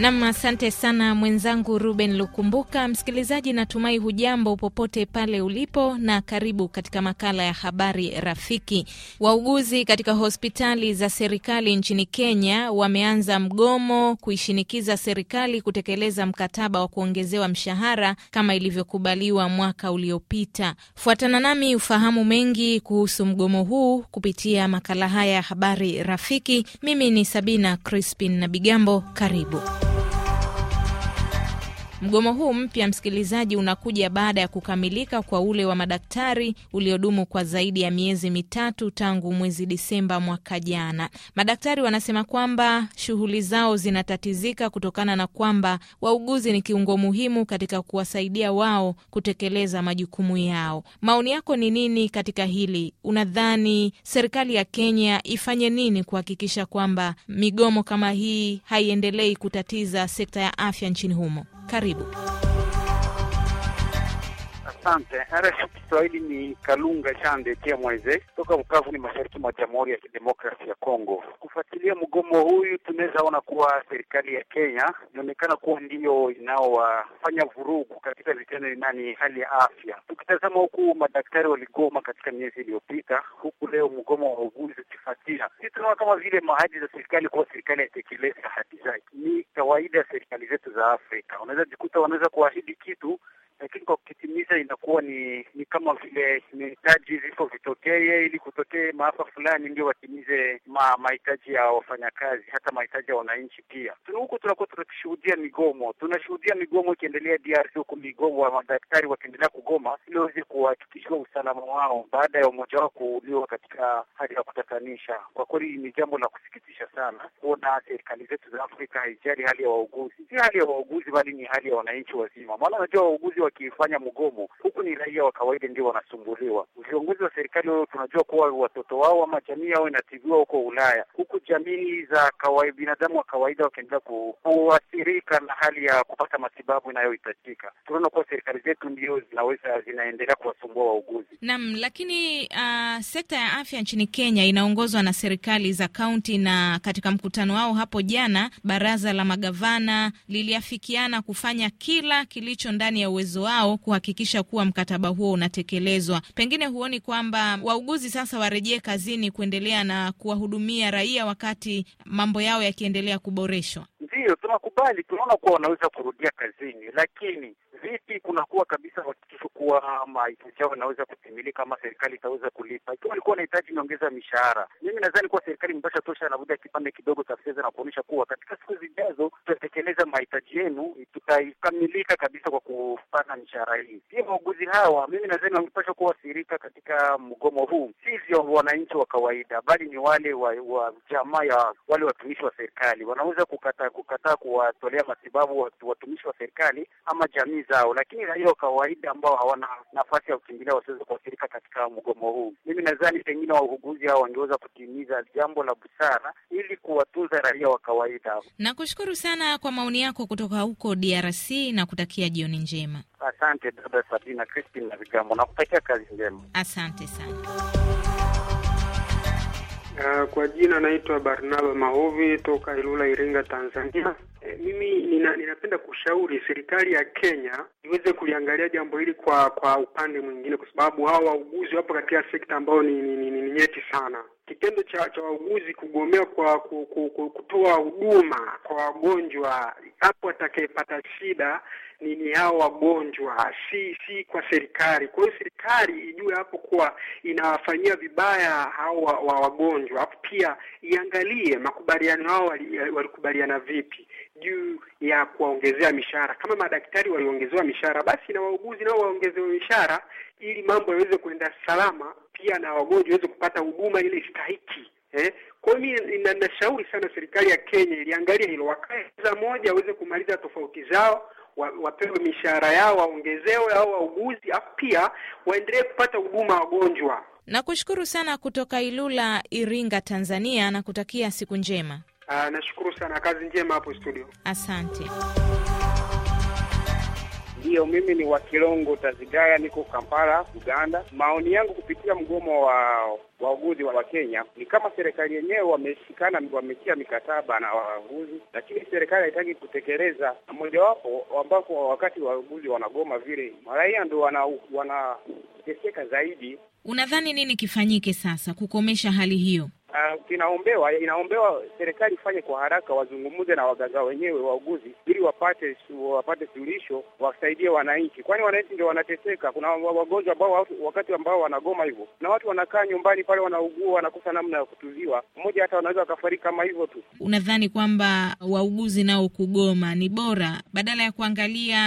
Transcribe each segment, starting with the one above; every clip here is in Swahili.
Nam, asante sana mwenzangu Ruben Lukumbuka. Msikilizaji, natumai hujambo popote pale ulipo, na karibu katika makala ya habari rafiki. Wauguzi katika hospitali za serikali nchini Kenya wameanza mgomo kuishinikiza serikali kutekeleza mkataba wa kuongezewa mshahara kama ilivyokubaliwa mwaka uliopita. Fuatana nami ufahamu mengi kuhusu mgomo huu kupitia makala haya ya habari rafiki. Mimi ni Sabina Crispin na Bigambo, karibu. Mgomo huu mpya, msikilizaji, unakuja baada ya kukamilika kwa ule wa madaktari uliodumu kwa zaidi ya miezi mitatu tangu mwezi Disemba mwaka jana. Madaktari wanasema kwamba shughuli zao zinatatizika kutokana na kwamba wauguzi ni kiungo muhimu katika kuwasaidia wao kutekeleza majukumu yao. Maoni yako ni nini katika hili? Unadhani serikali ya Kenya ifanye nini kuhakikisha kwamba migomo kama hii haiendelei kutatiza sekta ya afya nchini humo? Karibu. Asante RFI Kiswahili. Ni Kalunga Chande Tia Mweze kutoka Bukavu, ni mashariki mwa Jamhuri ya Kidemokrasi ya Kongo. Kufuatilia mgomo huyu, tunaweza ona kuwa serikali ya Kenya inaonekana kuwa ndiyo inaowafanya vurugu katika vitendo inani hali ya afya. Tukitazama huku, madaktari waligoma katika miezi iliyopita, huku leo mgomo wa wauguzi ukifatia si tunaona kama vile mahadi za serikali kuwa serikali haitekeleza ahadi zake. Ni kawaida ya serikali zetu za Afrika. Unaweza jikuta wanaweza kuahidi kitu, lakini kwa kukitimiza inakuwa ni ni kama vile mahitaji vifo vitokee ili kutokee maafa fulani, ndio watimize ma, mahitaji ya wafanyakazi, hata mahitaji ya wananchi pia. Huku tunakuwa tunashuhudia migomo, tunashuhudia migomo ikiendelea DRC, huku migomo wa madaktari wakiendelea kugoma ili waweze kuhakikishiwa usalama wao baada ya umoja wao kuuliwa katika hali ya kutatanisha. Kwa kweli ni jambo la sana kuona serikali zetu za Afrika haijali hali ya wauguzi, si hali ya wauguzi, bali ni hali ya wananchi wazima. Maana unajua wauguzi wakifanya mgomo huku ni raia wa kawaida ndio wanasumbuliwa. Viongozi wa serikali wao tunajua kuwa watoto wao ama jamii yao inatibiwa huko Ulaya, huku jamii za kawaida, binadamu wa kawaida wakiendelea kuathirika na hali ya kupata matibabu inayohitajika. Tunaona kuwa serikali zetu ndio zinaweza zinaendelea kuwasumbua wauguzi. Naam, lakini uh, sekta ya afya nchini Kenya inaongozwa na serikali za kaunti, na katika mkutano wao hapo jana baraza la magavana liliafikiana kufanya kila kilicho ndani ya uwezo wao kuhakikisha kuwa mkataba huo unatekelezwa. Pengine huoni kwamba wauguzi sasa warejee kazini kuendelea na kuwahudumia raia wakati mambo yao yakiendelea kuboreshwa? Ndiyo, tunakubali, tunaona kuwa wanaweza kurudia kazini, lakini vipi kunakuwa kabisa uhakikisho kuwa mahitaji yao inaweza kutimilika ama serikali itaweza kulipa? Ikiwa walikuwa wanahitaji nyongeza mishahara, mimi nadhani kuwa serikali imepasha tosha, anavuja kipande kidogo cha fedha na kuonyesha kuwa katika siku zijazo kutekeleza mahitaji yenu tutaikamilika kabisa kwa kupana mishahara hii. Pia wauguzi hawa, mimi nadhani wamepaswa kuathirika katika mgomo huu, vya wananchi wa kawaida, bali ni wale wa, wa jamaa ya wale watumishi wa serikali. Wanaweza kukataa kukataa kuwatolea matibabu watumishi wa serikali ama jamii zao, lakini raia wa kawaida ambao hawana nafasi ya kukimbilia wasiweza kuathirika katika mgomo huu. Mimi nadhani pengine wauguzi hao wangeweza kutimiza jambo la busara ili kuwatunza raia wa kawaida. Nakushukuru sana kwa kwa maoni yako kutoka huko DRC na kutakia jioni njema. Asante dada Sabina Crispin na Vigambo, nakutakia kazi njema. Asante sana. Uh, kwa jina naitwa Barnaba Mahovi toka Ilula, Iringa, Tanzania. E, mimi nina, ninapenda kushauri serikali ya Kenya iweze kuliangalia jambo hili kwa kwa upande mwingine, kwa sababu hawa wauguzi wapo katika sekta ambayo ni, ni, ni, ni nyeti sana kitendo cha wauguzi kugomea kwa kutoa huduma kwa wagonjwa, hapo atakayepata shida ni ni hao wagonjwa, si si kwa serikali. Kwa hiyo serikali ijue hapo kuwa inawafanyia vibaya hao wa, wa wagonjwa, hapo pia iangalie makubaliano hao walikubaliana vipi juu ya kuwaongezea mishahara. Kama madaktari waliongezewa mishahara, basi na wauguzi nao waongezewe mishahara ili mambo yaweze kuenda salama pia na wagonjwa waweze kupata huduma ile stahiki. Eh, kwa hiyo mimi nashauri sana serikali ya Kenya iliangalia hilo, wakae meza moja waweze kumaliza tofauti zao, wa, wapewe mishahara yao waongezewe, au wauguzi, au pia waendelee kupata huduma wagonjwa. Nakushukuru sana kutoka Ilula, Iringa, Tanzania, na kutakia siku njema. Aa, ah, nashukuru sana, kazi njema hapo studio, asante. Ndiyo, mimi ni Wakilongo Tazigaya, niko Kampala, Uganda. Maoni yangu kupitia mgomo wa wauguzi wa Kenya ni kama serikali yenyewe wameshikana, wametia mikataba na wauguzi, lakini serikali haitaki kutekeleza. Mojawapo ambapo wakati wauguzi wanagoma vile maraia ndio wanateseka wana zaidi. Unadhani nini kifanyike sasa kukomesha hali hiyo? uh, ah, kinaombewa inaombewa serikali ifanye kwa haraka, wazungumze na wagaza wenyewe wauguzi, ili wapate wapate suluhisho, wasaidie wananchi, kwani wananchi ndio wanateseka. Kuna wagonjwa ambao wakati ambao wanagoma hivyo, na watu wanakaa nyumbani pale, wanaugua, wanakosa namna ya kutuziwa, mmoja hata wanaweza wakafariki kama hivyo tu. Unadhani kwamba wauguzi nao kugoma ni bora badala ya kuangalia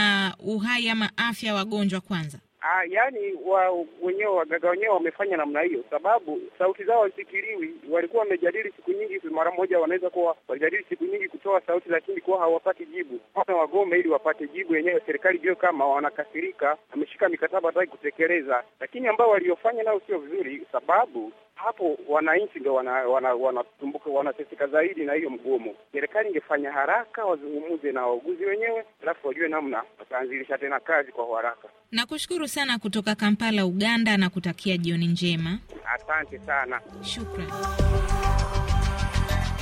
uhai ama afya wagonjwa kwanza? Ah, yani wa wenyewe wagaga wenyewe wamefanya namna hiyo, sababu sauti zao hazisikiliwi. Walikuwa wamejadili siku nyingi, mara moja wanaweza kuwa walijadili siku nyingi kutoa sauti, lakini kuwa hawapati jibu. Wana wagome ili wapate jibu yenyewe, serikali jio kama wanakasirika, ameshika mikataba hataki kutekeleza, lakini ambao waliofanya nao sio vizuri, sababu hapo wananchi ndio wanateseka wana, wana zaidi na hiyo mgomo. Serikali ingefanya haraka, wazungumuze na wauguzi wenyewe, alafu wajue namna wataanzilisha tena kazi kwa haraka. Nakushukuru sana kutoka Kampala, Uganda, na kutakia jioni njema. Asante sana, shukran.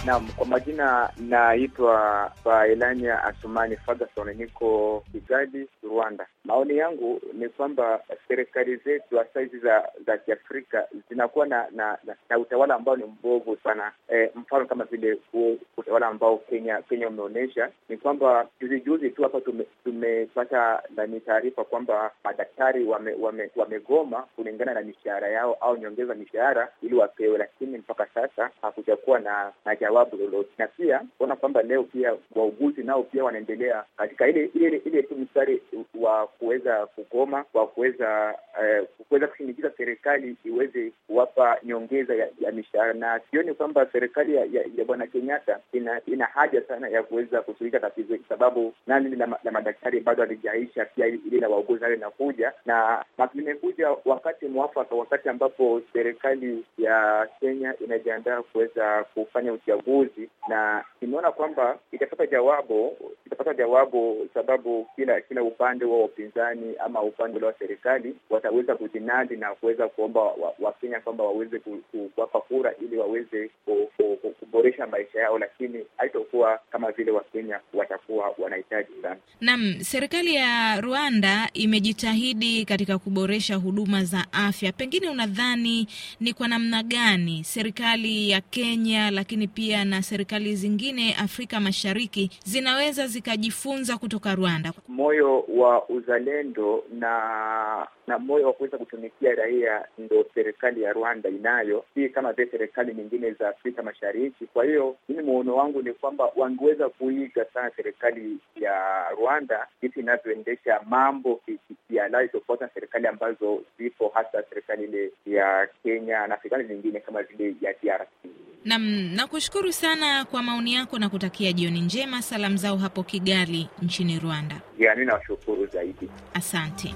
Naam, kwa majina naitwa Bailania Asumani Ferguson, niko Kigali, Rwanda. Maoni yangu ni kwamba serikali zetu hasa hizi za za Kiafrika zinakuwa na na, na na utawala ambao ni mbovu sana. E, mfano kama vile huo utawala ambao Kenya Kenya umeonyesha ni kwamba juzi juzi tu hapa tumepata tume nani taarifa kwamba madaktari wamegoma wame, wame kulingana na mishahara yao au nyongeza mishahara ili wapewe, lakini mpaka sasa hakujakuwa na, na jawabu lolote, na pia kuona kwamba leo pia wauguzi nao pia wanaendelea katika ile ile ile tu mstari wa kuweza kugoma, wa kuweza uh, kuweza kushinikiza serikali iweze kuwapa nyongeza ya, ya mishahara, na sioni kwamba serikali ya, ya, ya Bwana Kenyatta ina, ina haja sana ya kuweza kusuluhisha tatizo hili, sababu nani la, la madaktari bado halijaisha, pia ile la wauguzi hayo inakuja na limekuja wakati mwafaka, wakati ambapo serikali ya Kenya inajiandaa kuweza kufanya uchaguzi uchaguzi, na nimeona kwamba itapata jawabu tutapata jawabu, sababu kila kila upande wa upinzani ama upande wa serikali wataweza kujinadi na kuweza kuomba Wakenya wa kwamba waweze kuwapa ku, kura ili waweze kuboresha maisha yao, lakini haitokuwa kama vile Wakenya watakuwa wanahitaji sana. Naam, serikali ya Rwanda imejitahidi katika kuboresha huduma za afya. Pengine unadhani ni kwa namna gani serikali ya Kenya, lakini pia na serikali zingine Afrika Mashariki zinaweza zi zikajifunza kutoka Rwanda? Moyo wa uzalendo na na moyo wa kuweza kutumikia raia ndo serikali ya Rwanda inayo, si kama vile serikali nyingine za Afrika Mashariki. Kwa hiyo mimi muono wangu ni kwamba wangeweza kuiga sana serikali ya Rwanda jinsi inavyoendesha mambo kialai, tofauti na serikali ambazo zipo, hasa serikali ile ya Kenya na serikali nyingine kama vile ya DRC. Nam, nakushukuru sana kwa maoni yako na kutakia jioni njema. Salamu zao hapo Kigali nchini Rwanda. Yeah, mimi nawashukuru zaidi, asante.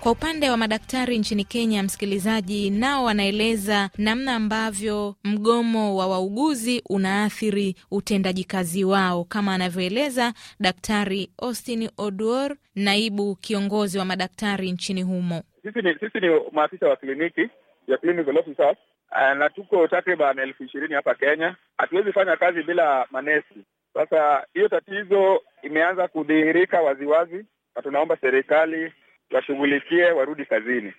Kwa upande wa madaktari nchini Kenya, msikilizaji, nao wanaeleza namna ambavyo mgomo wa wauguzi unaathiri utendaji kazi wao, kama anavyoeleza Daktari Austin Oduor, naibu kiongozi wa madaktari nchini humo. Sisi ni, sisi ni maafisa wa kliniki ya clinical officers Eh, na tuko takriban elfu ishirini hapa Kenya. Hatuwezi fanya kazi bila manesi. Sasa hiyo tatizo imeanza kudhihirika waziwazi, na tunaomba serikali washughulikie, warudi kazini.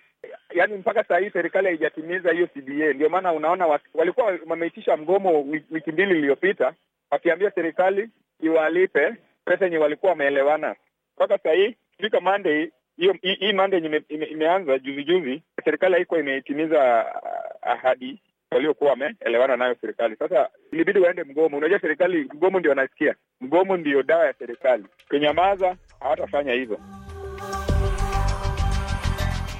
Yaani mpaka saa hii serikali haijatimiza hiyo CBA. Ndio maana unaona waki, walikuwa wameitisha mgomo wiki mbili iliyopita wakiambia serikali iwalipe pesa yenye walikuwa wameelewana. Mpaka saa hii fika Monday hiyo hii Monday yenye imeanza juzi juzi, serikali haikuwa imetimiza ahadi waliokuwa wameelewana nayo serikali. Sasa ilibidi waende mgomo. Unajua serikali, mgomo ndio wanasikia, mgomo ndio dawa ya serikali. kenyamaza hawatafanya hivyo.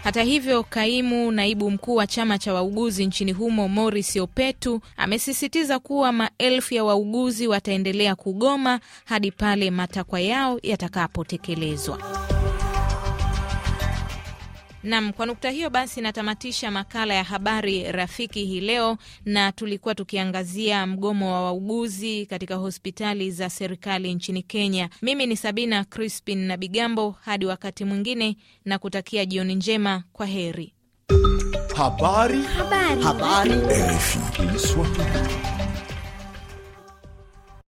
Hata hivyo, kaimu naibu mkuu wa chama cha wauguzi nchini humo moris Opetu amesisitiza kuwa maelfu ya wauguzi wataendelea kugoma hadi pale matakwa yao yatakapotekelezwa. Nam, kwa nukta hiyo basi natamatisha makala ya habari rafiki hii leo, na tulikuwa tukiangazia mgomo wa wauguzi katika hospitali za serikali nchini Kenya. Mimi ni Sabina Crispin na Bigambo, hadi wakati mwingine na kutakia jioni njema, kwa heri. habari. Habari. Habari.